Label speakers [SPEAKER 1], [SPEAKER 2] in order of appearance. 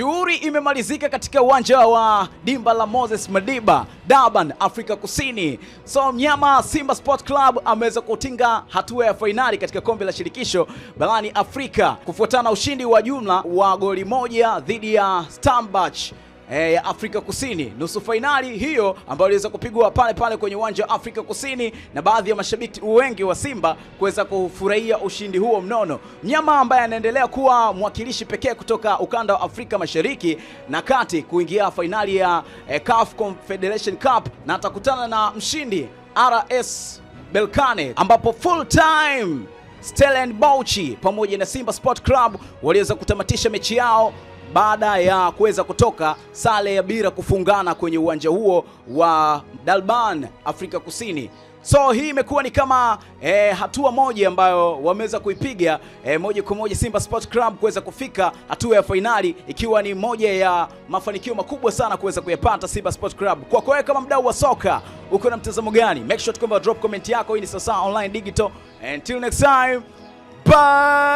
[SPEAKER 1] Shughuli imemalizika katika uwanja wa dimba la Moses Madiba, Durban, Afrika Kusini. So mnyama Simba Sport Club ameweza kutinga hatua ya fainali katika kombe la shirikisho barani Afrika kufuatana na ushindi wa jumla wa goli moja dhidi ya stambach e, ya Afrika Kusini, nusu fainali hiyo ambayo iliweza kupigwa pale pale kwenye uwanja wa Afrika Kusini, na baadhi ya mashabiki wengi wa Simba kuweza kufurahia ushindi huo mnono. Mnyama ambaye anaendelea kuwa mwakilishi pekee kutoka ukanda wa Afrika Mashariki na Kati kuingia fainali ya e, CAF Confederation Cup na atakutana na mshindi RS belkane ambapo full time Stellenbosch pamoja na Simba Sport Club waliweza kutamatisha mechi yao baada ya kuweza kutoka sare ya bila kufungana kwenye uwanja huo wa Durban, Afrika Kusini. So hii imekuwa ni kama e, hatua moja ambayo wameweza kuipiga e, moja kwa moja Simba Sports Club kuweza kufika hatua ya fainali, ikiwa ni moja ya mafanikio makubwa sana kuweza kuyapata Simba Sports Club. Kwa wewe kama mdau wa soka, uko na mtazamo gani? Make sure tukwamba drop comment yako. Hii ni sasa Online Digital. Until next time, bye.